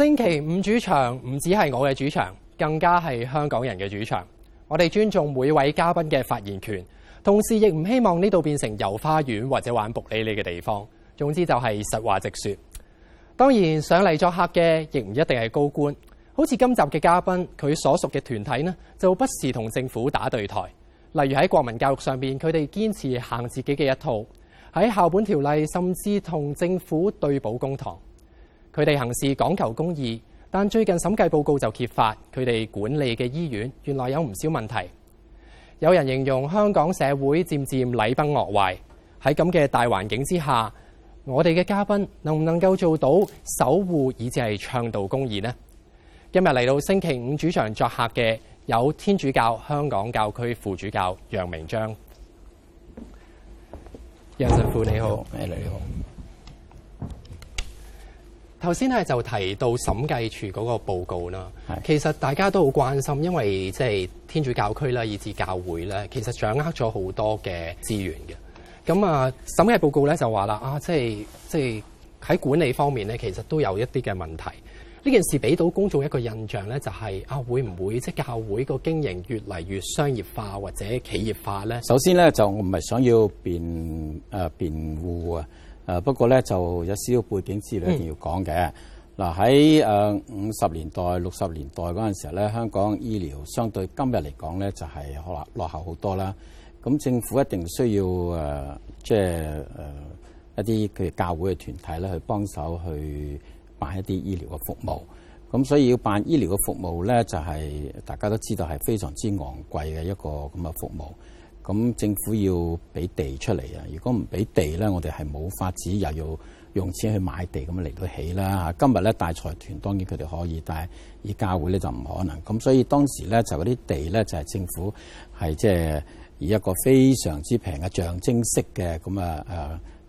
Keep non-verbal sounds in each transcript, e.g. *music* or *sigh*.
星期五主場唔止係我嘅主場，更加係香港人嘅主場，我哋尊重每位嘉賓嘅發言權，同時亦唔希望呢度變成遊花園或者玩伏匿匿嘅地方。總之就係實話直說，當然上嚟作客嘅亦唔一定係高官，好似今集嘅嘉賓佢所屬嘅團體呢，就不時同政府打對台。例如喺國民教育上邊，佢哋堅持行自己嘅一套；喺校本條例，甚至同政府對簿公堂。佢哋行事講求公義，但最近審計報告就揭發，佢哋管理嘅醫院原來有唔少問題。有人形容，香港社會漸漸禮崩樂壞。喺咁嘅大環境之下，我哋嘅嘉賓能唔能夠做到守護，以至係倡導公義呢？今日嚟到星期五主場作客嘅有天主教香港教區副主教楊鳴章。楊神父，你好，你好。你好。頭先咧就提到審計處嗰個報告啦，係其實大家都好關心，因為即係天主教區啦，以至教會咧，其實掌握咗好多嘅資源嘅。咁啊，審計報告咧就話啦啊，即係即係喺管理方面咧，其實都有一啲嘅問題。呢件事俾到公眾一個印象咧，就係，就係啊，會唔會即係教會個經營越嚟越商業化或者企業化咧？首先咧，就我唔係想要辯啊辯護啊。呃啊、不過咧，就有少少背景資料一定要講嘅。嗱喺五十年代、六十年代嗰陣時候咧，香港醫療相對今日嚟講咧，就係、是、落落後好多啦。咁政府一定需要即係、呃呃、一啲佢哋教會嘅團體咧，去幫手去辦一啲醫療嘅服務。咁所以要辦醫療嘅服務咧，就係、是、大家都知道係非常之昂貴嘅一個咁嘅服務。咁政府要俾地出嚟啊！如果唔俾地咧，我哋係冇法子，又要用錢去買地咁嚟到起啦嚇，今日咧，大財團當然佢哋可以，但係以教會咧就唔可能。咁所以當時咧就嗰啲地咧就係政府係即係以一個非常之平嘅象徵式嘅咁啊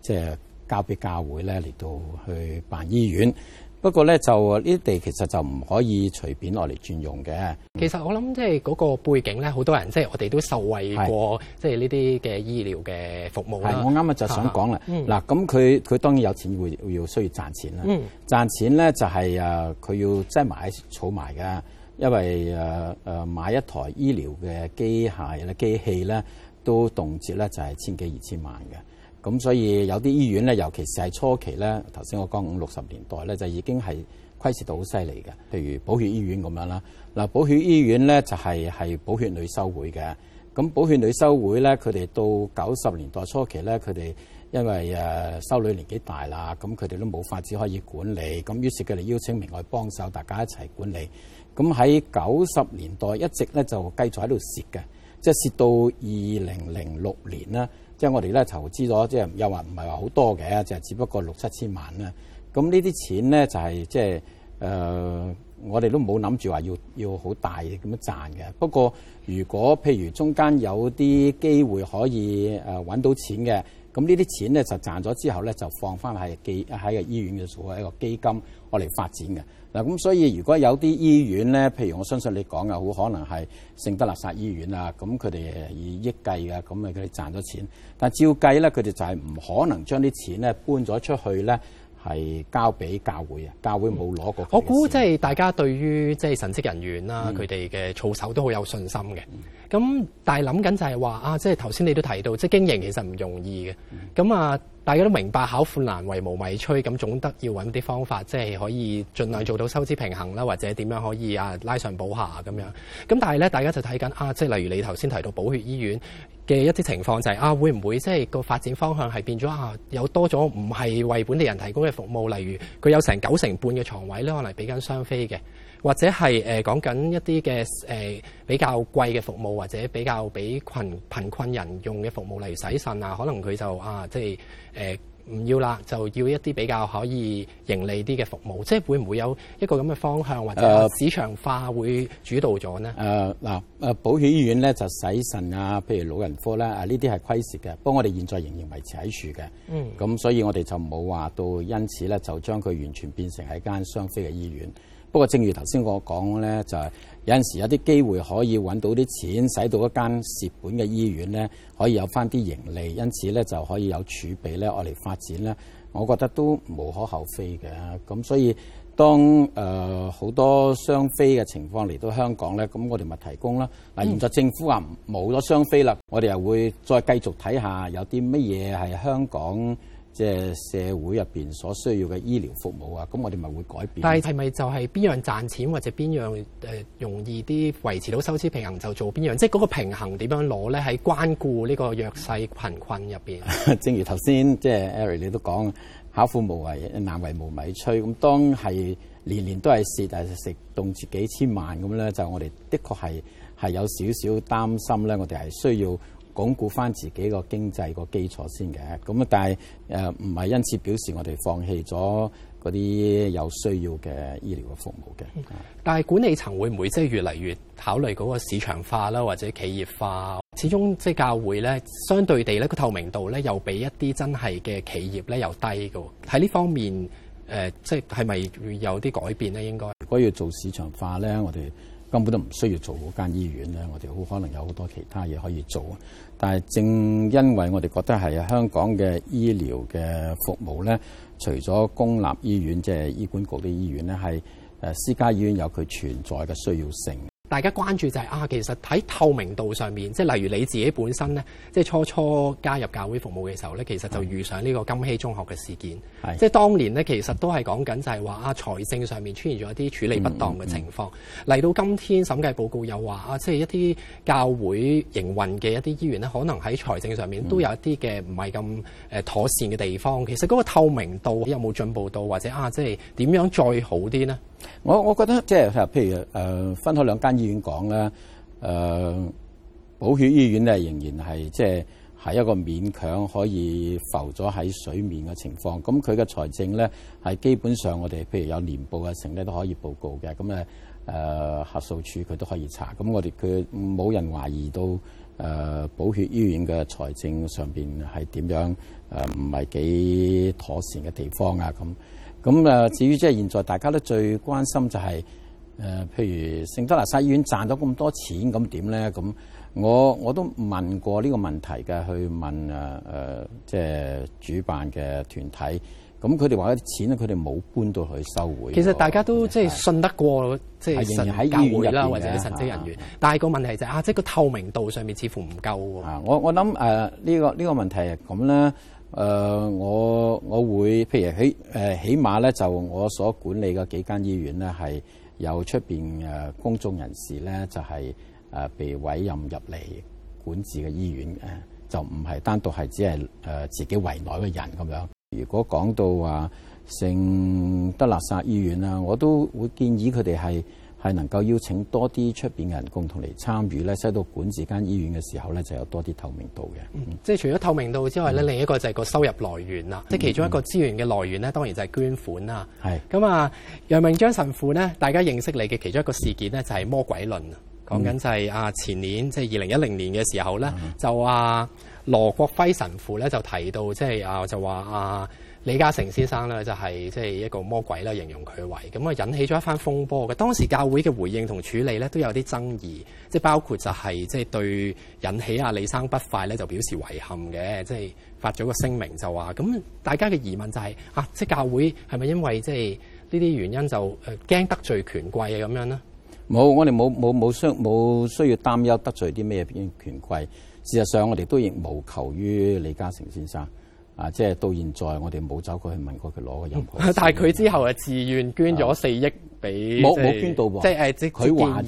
誒，即係交俾教會咧嚟到去辦醫院。不過咧，就呢啲地其實就唔可以隨便攞嚟轉用嘅、嗯。其實我諗即係嗰個背景咧，好多人即係我哋都受惠過，即係呢啲嘅醫療嘅服務我啱啱就想講、啊嗯、啦，嗱，咁佢佢當然有錢會要需要賺錢啦。嗯、賺錢咧就係、是、佢要即係買儲埋嘅，因為誒誒、啊、買一台醫療嘅機械咧、機器咧，都動輒咧就係千幾二千萬嘅。咁所以有啲醫院咧，尤其是係初期咧，頭先我講五六十年代咧，就已經係虧蝕到好犀利嘅。譬如寶血醫院咁樣啦，嗱，寶血醫院咧就係、係、係寶血女修會嘅。咁寶血女修會咧，佢哋到九十年代初期咧，佢哋因為誒、啊、修女年紀大啦，咁佢哋都冇法子可以管理，咁於是佢哋邀請明愛幫手，大家一齊管理。咁喺九十年代一直咧就繼續喺度蝕嘅，即係蝕到二零零六年啦。即係我哋咧投資咗，即係又話唔係話好多嘅，就係只不過六七千萬啦。咁呢啲錢咧就係即係誒，我哋都冇諗住話要要好大咁樣賺嘅。不過如果譬如中間有啲機會可以誒揾到錢嘅，咁呢啲錢咧就賺咗之後咧就放翻喺基喺個醫院嘅做一個基金，我嚟發展嘅。嗱，咁所以如果有啲醫院咧，譬如我相信你講嘅，好可能係聖德肋撒醫院啊，咁佢哋以億計啊，咁啊佢哋賺咗錢，但照計咧，佢哋就係唔可能將啲錢咧搬咗出去咧，係交俾教會啊，教會冇攞過。我估即係大家對於即係神職人員啦，佢哋嘅操守都好有信心嘅。咁、嗯、但係諗緊就係話啊，即係頭先你都提到，即係經營其實唔容易嘅。咁啊。大家都明白，巧婦難為無米炊，咁總得要揾啲方法，即係可以盡量做到收支平衡啦，或者點樣可以啊拉上補下咁樣。咁但係咧，大家就睇緊啊，即係例如你頭先提到寶血醫院嘅一啲情況，就係、是、啊會唔會即係個發展方向係變咗啊有多咗唔係為本地人提供嘅服務，例如佢有成九成半嘅床位咧，可能俾緊雙飛嘅，或者係誒講緊一啲嘅誒比較貴嘅服務，或者比較比貧貧困人用嘅服務，例如洗腎啊，可能佢就啊即係誒唔要啦，就要一啲比較可以盈利啲嘅服務，即係會唔會有一個咁嘅方向，或者市場化會主導咗呢？誒嗱誒，保險醫院咧就洗腎啊，譬如老人科啦，啊，呢啲係虧蝕嘅，不過我哋現在仍然維持喺處嘅，嗯，咁所以我哋就冇話到，因此咧就將佢完全變成係間雙非嘅醫院。不過，正如頭先我講咧，就係、有陣時有啲機會可以揾到啲錢，使到一間蝕本嘅醫院咧，可以有翻啲盈利，因此咧就可以有儲備咧，我嚟發展咧，我覺得都無可厚非嘅。咁所以當誒好、呃、多雙飛嘅情況嚟到香港咧，咁我哋咪提供啦。嗱，現在政府話冇咗雙飛啦，我哋又會再繼續睇下有啲乜嘢係香港。即係社會入邊所需要嘅醫療服務啊，咁我哋咪會改變。但係係咪就係邊樣賺錢或者邊樣誒容易啲維持到收支平衡就做邊樣？即係嗰個平衡點樣攞咧？喺關顧呢個弱勢貧困入邊。 *laughs* 正如頭先即係 Eric 你都講，巧婦無遺難為無米炊。咁當係年年都係蝕，但係食凍住幾千萬咁咧，就我哋的確係係有少少擔心咧。我哋係需要。鞏固翻自己個經濟個基礎先嘅，咁啊，但係誒唔係因此表示我哋放棄咗嗰啲有需要嘅醫療嘅服務嘅、嗯。但係管理層會唔會即係越嚟越考慮嗰個市場化啦，或者企業化？始終即係教會咧，相對地咧個透明度咧又比一啲真係嘅企業咧又低㗎喎。喺呢方面誒，即係係咪會有啲改變咧？應該如果要做市場化咧，我哋。根本都唔需要做嗰間醫院咧，我哋好可能有好多其他嘢可以做。但係正因為我哋覺得係香港嘅醫療嘅服務咧，除咗公立醫院即係醫管局啲醫院咧，係誒私家醫院有佢存在嘅需要性。大家關注就係、是、啊，其實喺透明度上面，即係例如你自己本身呢，即係初初加入教會服務嘅時候呢，其實就遇上呢個金禧中學嘅事件。的即係當年呢，其實都係講緊就係、是、話啊，財政上面出現咗一啲處理不當嘅情況。嚟、嗯嗯、到今天審計報告又話啊，即係一啲教會營運嘅一啲醫院呢，可能喺財政上面都有一啲嘅唔係咁妥善嘅地方。嗯、其實嗰個透明度有冇進步到，或者啊，即係點樣再好啲呢？我我覺得即係譬如誒、呃、分開兩間醫院講咧，誒、呃、寶血醫院咧仍然係即係係一個勉強可以浮咗喺水面嘅情況。咁佢嘅財政咧係基本上我哋譬如有年報嘅成咧都可以報告嘅。咁誒誒核數署佢都可以查。咁我哋佢冇人懷疑到誒、呃、寶血醫院嘅財政上面係點樣誒唔係幾妥善嘅地方啊咁。咁啊！至於即係現在大家都最關心就係、是呃、譬如聖德肋撒醫院賺到咁多錢咁點咧？咁我我都問過呢個問題嘅，去問即係、呃就是、主辦嘅團體。咁佢哋話啲錢咧，佢哋冇搬到去收回。其實大家都即係信得過，是即係神教會啦，啊、或者神職人員。啊、但係個問題就係、是、啊，即、就、係、是、個透明度上面似乎唔夠啊！我我諗呢、呃這個呢、這個、問題係咁呢。誒、呃、我我會，譬如起誒、呃、起碼咧，就我所管理嘅幾間醫院咧，係有出面誒公眾人士咧，就係、是、誒被委任入嚟管治嘅醫院嘅，就唔係單獨係只係誒、呃、自己圍內嘅人咁樣。如果講到話聖、啊、德肋撒醫院啊，我都會建議佢哋係。係能夠邀請多啲出邊嘅人共同嚟參與咧，收到管治間醫院嘅時候咧，就有多啲透明度嘅。嗯，即係除咗透明度之外咧，嗯、另一個就係個收入來源啦。即係、嗯、其中一個資源嘅來源咧，當然就係捐款啦。係是。咁啊，楊鳴章神父咧，大家認識你嘅其中一個事件咧，就係、是、魔鬼論，講緊就係啊，前年即係二零一零年嘅時候咧，就啊羅國輝神父咧就提到，即係啊就話、是、啊。.李嘉誠先生咧就係即係一個魔鬼啦，形容佢為咁啊，引起咗一番風波嘅。當時教會嘅回應同處理咧都有啲爭議，即係包括就係即係對引起阿李生不快咧就表示遺憾嘅，即係發咗個聲明就話，咁大家嘅疑問就係、是、啊，即係教會係咪因為即係呢啲原因就誒驚得罪權貴啊咁樣呢？冇，我哋冇冇冇需冇需要擔憂得罪啲咩嘢邊權貴。事實上，我哋都亦無求於李嘉誠先生。啊！即係到現在，我哋冇走過去問過佢攞個任何。但係佢之後係自願捐咗四億俾冇冇捐到喎。即係誒，即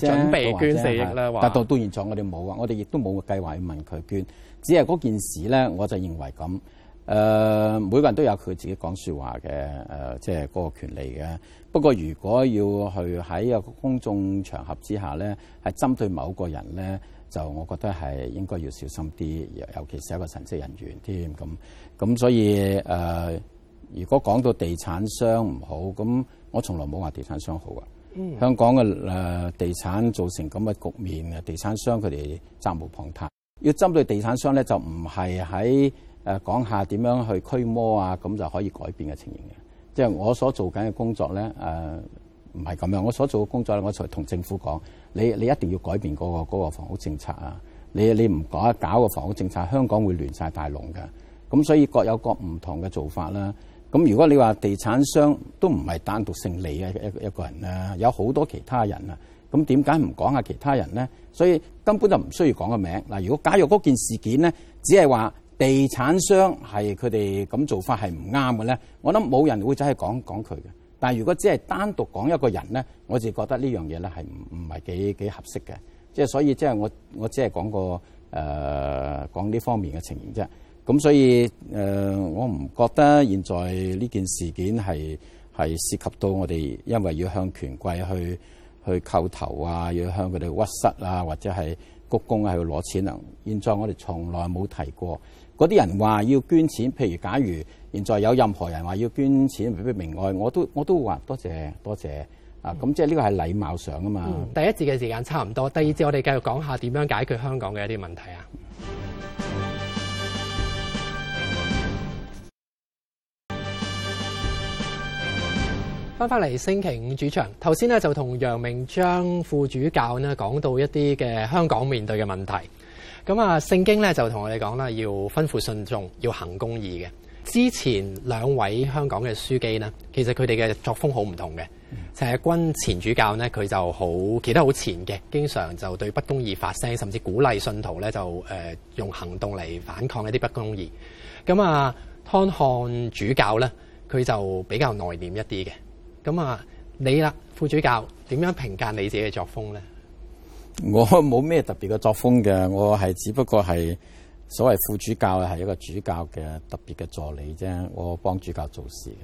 即準備捐四億啦。但到到現在我哋冇，我哋冇啊！我哋亦都冇計劃去問佢捐。只係嗰件事咧，我就認為咁。誒、呃，每個人都有佢自己講説話嘅、呃、即係嗰個權利嘅。不過，如果要去喺有個公眾場合之下咧，係針對某個人咧。就我覺得係應該要小心啲，尤其是一個神職人員添。咁咁所以誒、呃、如果講到地產商唔好，咁我從來冇話地產商好啊，嗯，香港嘅誒、呃、地產造成咁嘅局面，地產商佢哋責無旁貸。要針對地產商咧，就唔係喺誒講下點樣去驅魔啊，咁就可以改變嘅情形嘅。即係我所做緊嘅工作咧，誒唔係咁樣，我所做嘅工作咧，我才同政府講。你你一定要改變嗰個嗰個房屋政策啊！你你唔搞搞個房屋政策，香港會亂晒大龍嘅。咁所以各有各唔同嘅做法啦。咁如果你話地產商都唔係單獨姓李嘅一一個人啊，有好多其他人啊。咁點解唔講下其他人咧？所以根本就唔需要講個名嗱。如果假若嗰件事件咧，只係話地產商係佢哋咁做法係唔啱嘅咧，我諗冇人會走去講講佢嘅。但係如果只係單獨講一個人咧，我就覺得呢樣嘢咧係唔唔係幾幾合適嘅，即係所以即係我我只係講過誒講呢方面嘅情形啫。咁所以誒、呃，我唔覺得現在呢件事件係係涉及到我哋，因為要向權貴去去叩頭啊，要向佢哋屈膝啊，或者係鞠躬啊，去攞錢啊。現在我哋從來冇提過。嗰啲人話要捐錢，譬如假如現在有任何人話要捐錢，未必明愛，我都我都話多謝多謝啊！咁即係呢個係禮貌上啊嘛、嗯。第一節嘅時間差唔多，第二節我哋繼續講下點樣解決香港嘅一啲問題啊！翻返嚟星期五主場，頭先咧就同楊鳴章副主教呢講到一啲嘅香港面對嘅問題。咁啊，聖經咧就同我哋講啦，要吩咐信眾要行公義嘅。之前兩位香港嘅書記咧，其實佢哋嘅作風好唔同嘅。陳日君前主教咧，佢就好其得好前嘅，經常就對不公義發聲，甚至鼓勵信徒咧就誒、呃、用行動嚟反抗一啲不公義，咁啊，湯漢主教咧，佢就比較內斂一啲嘅。咁啊，你啦副主教點樣評價你自己嘅作風咧？我冇咩特別嘅作風嘅，我係只不過係所謂副主教，係一個主教嘅特別嘅助理啫。我幫主教做事嘅。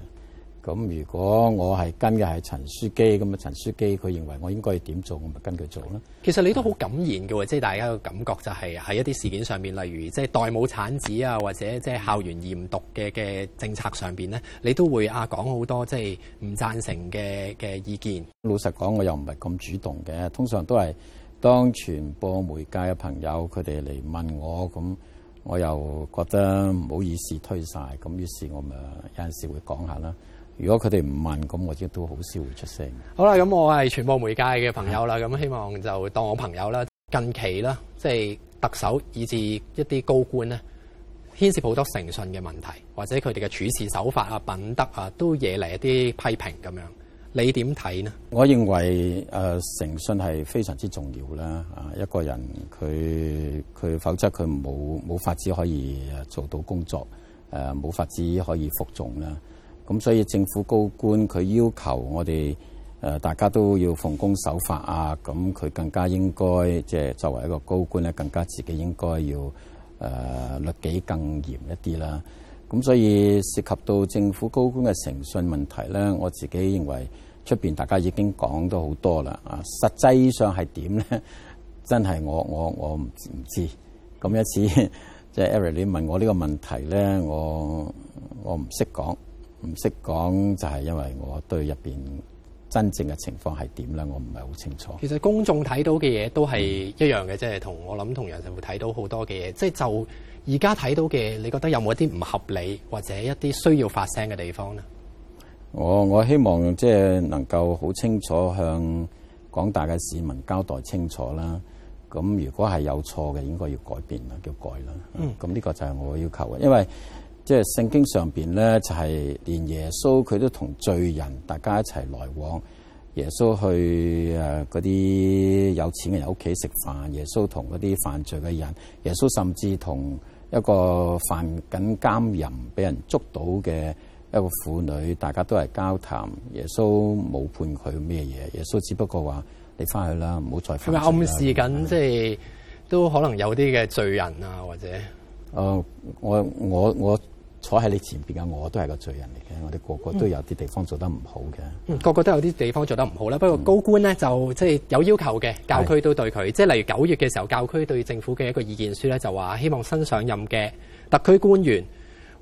咁如果我係跟嘅係陳樞機，咁啊陳樞機佢認為我應該要點做，我咪跟佢做咯。其實你都好敢言嘅，即係大家嘅感覺就係喺一啲事件上面，例如即係代母產子啊，或者即係校園驗毒嘅嘅政策上邊咧，你都會啊講好多即係唔贊成嘅嘅意見。老實講，我又唔係咁主動嘅，通常都係。當傳播媒介嘅朋友佢哋嚟問我，咁我又覺得唔好意思推晒。咁於是我咪有陣時會講下啦。如果佢哋唔問，咁我亦都好少會出聲。好啦，咁我係傳播媒介嘅朋友啦，咁希望就當我朋友啦。近期啦，即係特首以至一啲高官咧，牽涉好多誠信嘅問題，或者佢哋嘅處事手法啊、品德啊，都惹嚟一啲批評咁樣。你點睇呢？我認為誒誠信係非常之重要啦！啊，一個人佢佢否則佢冇冇法子可以做到工作，誒冇法子可以服眾啦。咁所以政府高官佢要求我哋誒大家都要奉公守法啊。咁佢更加應該即係作為一個高官咧，更加自己應該要誒律己更嚴一啲啦。咁所以涉及到政府高官嘅誠信問題咧，我自己認為出邊大家已經講咗好多啦。啊，實際上係點咧？真係我我我唔唔知。咁一次，即係 Eric 你問我呢個問題咧，我我唔識講，唔識講，就係因為我對入邊。真正嘅情況係點咧？我唔係好清楚。其實公眾睇到嘅嘢都係一樣嘅，即係同我諗同人哋會睇到好多嘅嘢。即係就而家睇到嘅，你覺得有冇一啲唔合理或者一啲需要發聲嘅地方咧？我我希望即係能夠好清楚向廣大嘅市民交代清楚啦。咁如果係有錯嘅，應該要改變啦，叫改啦。嗯。咁呢、嗯、個就係我嘅要求嘅，因為。即係聖經上邊咧，就係連耶穌佢都同罪人大家一齊來往。耶穌去誒嗰啲有錢嘅人屋企食飯，耶穌同嗰啲犯罪嘅人，耶穌甚至同一個犯緊監淫俾人捉到嘅一個婦女，大家都係交談。耶穌冇判佢咩嘢，耶穌只不過話你翻去啦，唔好再犯。係咪暗示緊，即係都可能有啲嘅罪人啊，或者誒我我我。我我坐喺你前邊嘅我都係個罪人嚟嘅，我哋個個都有啲地方做得唔好嘅。個、嗯、是個都有啲地方做得唔好啦，不過高官呢，嗯、就即係、就是、有要求嘅，教區都對佢，是即係例如九月嘅時候，教區對政府嘅一個意見書呢，就話希望新上任嘅特區官員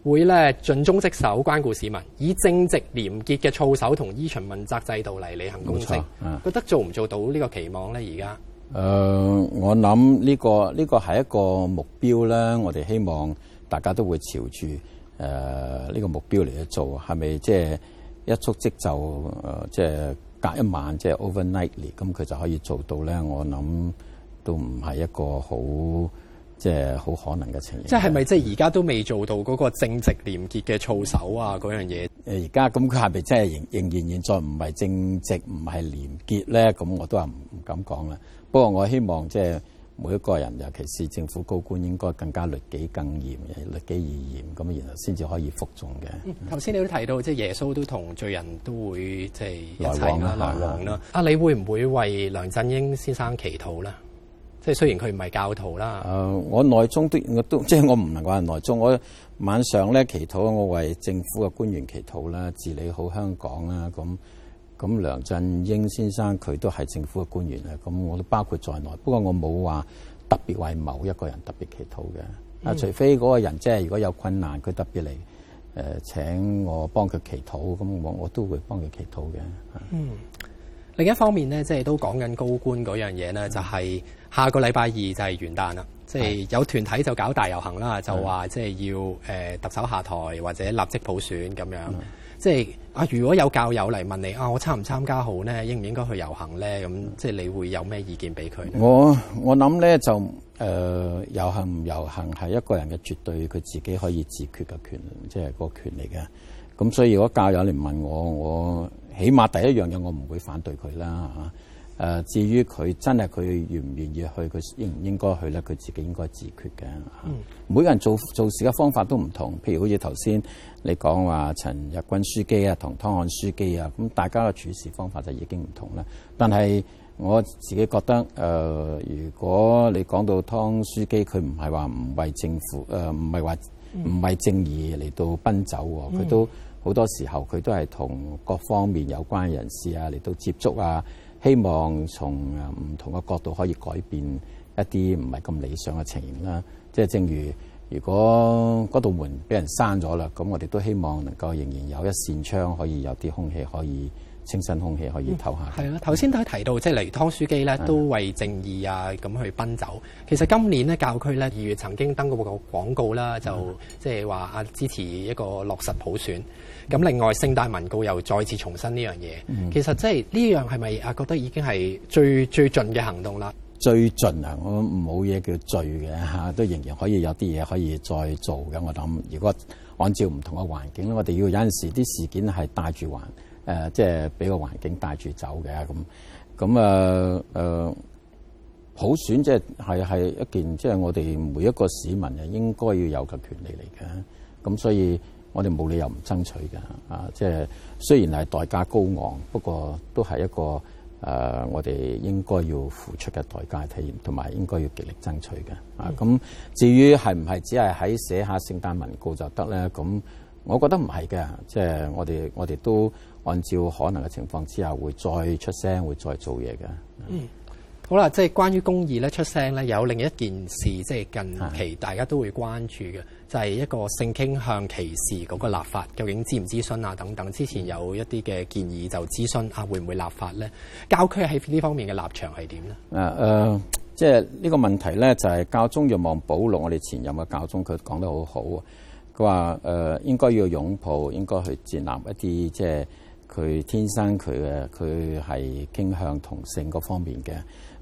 會咧盡忠職守，關顧市民，以正直廉潔嘅操守同依循問責制度嚟履行公正。覺得做唔做到呢個期望呢？而家、呃、我諗呢、這個呢係、這個、一個目標啦，我哋希望大家都會朝住。誒呢、呃這個目標嚟去做，係咪即係一蹴即就即係、呃就是、隔一晚即係、就是、overnightly，咁佢就可以做到咧？我諗都唔係一個好即係好可能嘅情形。即係咪即係而家都未做到嗰個正直廉潔嘅操守啊？嗰、嗯、樣嘢而家咁佢係咪真係仍仍然現在唔係正直唔係廉潔咧？咁我都係唔敢講啦。不過我希望即係。每一個人，尤其是政府高官，應該更加律己更嚴，律己以嚴，咁，然後先至可以服眾嘅。頭先、嗯、你都提到，即係耶穌都同罪人都會即係一齊啦，來往啦。啊，你會唔會為梁振英先生祈禱咧？即係雖然佢唔係教徒啦。誒、呃，我內中都我都即係我唔能夠話內中。我晚上咧祈禱，我為政府嘅官員祈禱啦，治理好香港啦咁。咁梁振英先生佢都係政府嘅官員啊，咁我都包括在內。不過我冇話特別為某一個人特別祈禱嘅，啊、嗯、除非嗰個人即係如果有困難，佢特別嚟誒、呃、請我幫佢祈禱，咁我我都會幫佢祈禱嘅。嗯，另一方面咧，即係都講緊高官嗰樣嘢咧，就係下個禮拜二就係元旦啦，即係有團體就搞大遊行啦，就話即係要誒、呃、特首下台或者立即普選咁樣，即係、嗯。就是啊！如果有教友嚟問你啊，我參唔參加好咧？應唔應該去遊行咧？咁即係你會有咩意見俾佢？我我諗咧就誒遊行唔遊行係一個人嘅絕對佢自己可以自決嘅權，即係個權利嘅。咁所以如果教友嚟問我，我起碼第一樣嘢我唔會反對佢啦嚇。誒，至於佢真係佢願唔願意去，佢應唔應該去咧？佢自己應該自決嘅。嗯、每個人做做事嘅方法都唔同。譬如好似頭先你講話陳日君樞機啊，同湯漢樞機啊，咁大家嘅處事方法就已經唔同啦。但係我自己覺得誒、呃，如果你講到湯樞機，佢唔係話唔為政府誒，唔係話唔為正義嚟到奔走喎、啊。佢都好、嗯、多時候佢都係同各方面有關的人士啊嚟到接觸啊。希望從唔同嘅角度可以改變一啲唔係咁理想嘅情形啦。即係正如，如果嗰道門俾人閂咗啦，咁我哋都希望能夠仍然有一扇窗可以有啲空氣可以清新空氣可以唞下，係啦、嗯。頭先都提到，即係例如湯樞機咧，都為正義啊，咁去奔走。其實今年咧，教區咧二月曾經登過個廣告啦，就即係話啊，支持一個落實普選。咁另外聖誕文告又再次重申呢樣嘢。嗯、其實即係呢樣係咪啊？覺得已經係最最盡嘅行動啦。最盡啊！我冇嘢叫最嘅嚇，都仍然可以有啲嘢可以再做嘅。我諗如果按照唔同嘅環境咧，我哋要有陣時啲事件係帶住環。誒、呃，即係俾個環境帶住走嘅咁咁啊！誒、呃，普選即係係係一件即係、就是、我哋每一個市民啊，應該要有嘅權利嚟嘅。咁所以我哋冇理由唔爭取嘅啊！即係雖然係代價高昂，不過都係一個誒、啊，我哋應該要付出嘅代價體驗，同埋應該要極力爭取嘅啊！咁、嗯啊、至於係唔係只係喺寫下聖誕文告就得咧？咁我覺得唔係嘅，即係我哋我哋都。按照可能嘅情況之下，會再出聲，會再做嘢嘅。嗯，好啦，即係關於公義咧出聲咧，有另一件事，即係近期大家都會關注嘅，的就係一個性傾向歧視嗰個立法，究竟諮唔諮詢啊等等。之前有一啲嘅建議就諮詢啊，會唔會立法咧？教區喺呢方面嘅立場係點咧？誒誒、嗯呃，即係呢個問題咧，就係、是、教宗若望保羅我哋前任嘅教宗佢講得好好啊。佢話誒應該要擁抱，應該去接納一啲即係。佢天生佢誒，佢係傾向同性嗰方面嘅，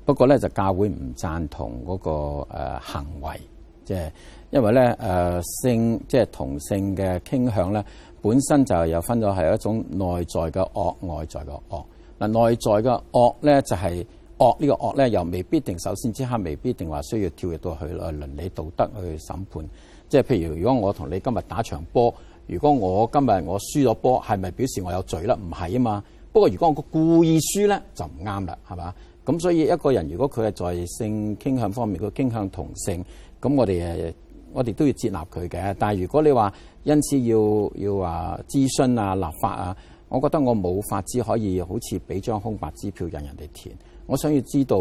不過咧就教會唔贊同嗰、那個誒、呃、行為，即係因為咧誒、呃、性即係同性嘅傾向咧，本身就又分咗係一種內在嘅惡，外在嘅惡。嗱、啊、內在嘅惡咧就係、是、惡呢個惡咧，又未必定首先即刻未必定話需要跳躍到去倫理道德去審判。即係譬如如果我同你今日打場波。如果我今日我輸咗波，係咪表示我有罪啦？唔係啊嘛。不過如果我故意輸咧，就唔啱啦，係嘛？咁所以一個人如果佢係在性傾向方面佢傾向同性，咁我哋我哋都要接納佢嘅。但係如果你話，因此要要話諮詢啊、立法啊，我覺得我冇法子可以好似俾張空白支票引人人哋填。我想要知道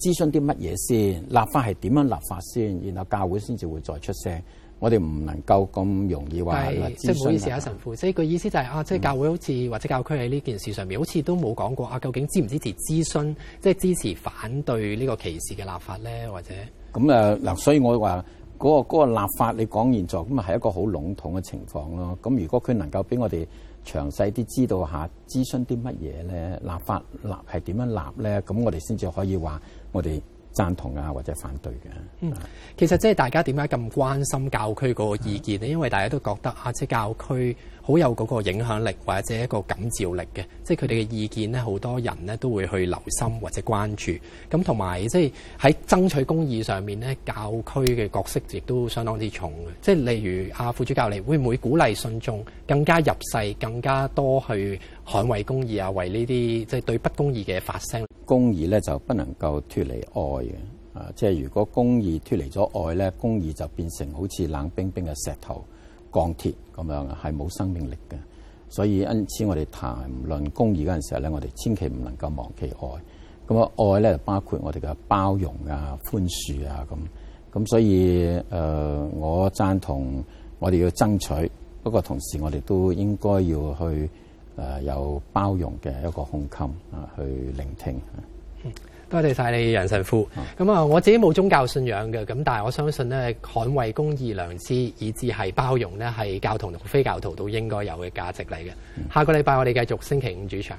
諮詢啲乜嘢先，立法係點樣立法先，然後教會先至會再出聲。我哋唔能夠咁容易話，即係唔好意思啊，神父，所以個意思就係、是、啊，即係教會好似、嗯、或者教區喺呢件事上面，好似都冇講過啊，究竟支唔支持諮詢，即係支持、反對呢個歧視嘅立法咧，或者咁啊嗱，所以我話嗰個嗰個立法，你講現狀咁啊，係一個好籠統嘅情況咯。咁如果佢能夠俾我哋詳細啲知道下諮詢啲乜嘢咧，立法立係點樣立咧，咁我哋先至可以話我哋。贊同啊，或者反對嘅。嗯，其實即係大家點解咁關心教區嗰個意見咧？因為大家都覺得啊，即係教區。好有嗰個影響力或者一個感召力嘅，即係佢哋嘅意見咧，好多人咧都會去留心或者關注。咁同埋即係喺爭取公義上面咧，教區嘅角色亦都相當之重嘅，即係例如阿、啊、副主教，你會唔會鼓勵信眾更加入世、更加多去捍衞公義啊？為呢啲即係對不公義嘅發聲。公義咧就不能夠脫離愛嘅，啊！即係如果公義脫離咗愛咧，公義就變成好似冷冰冰嘅石頭。鋼鐵咁樣係冇生命力嘅，所以因此我哋談論公義嗰陣時候咧，我哋千祈唔能夠忘記愛。咁啊，愛咧包括我哋嘅包容啊、寬恕啊咁。咁所以誒、呃，我贊同我哋要爭取，不過同時我哋都應該要去誒、呃、有包容嘅一個胸襟啊，去聆聽。啊多謝晒你，楊神父。咁啊，我自己冇宗教信仰嘅，咁但係我相信咧，捍衞公義、良知，以至係包容咧，係教徒同非教徒都應該有嘅價值嚟嘅。嗯。下個禮拜我哋繼續星期五主場。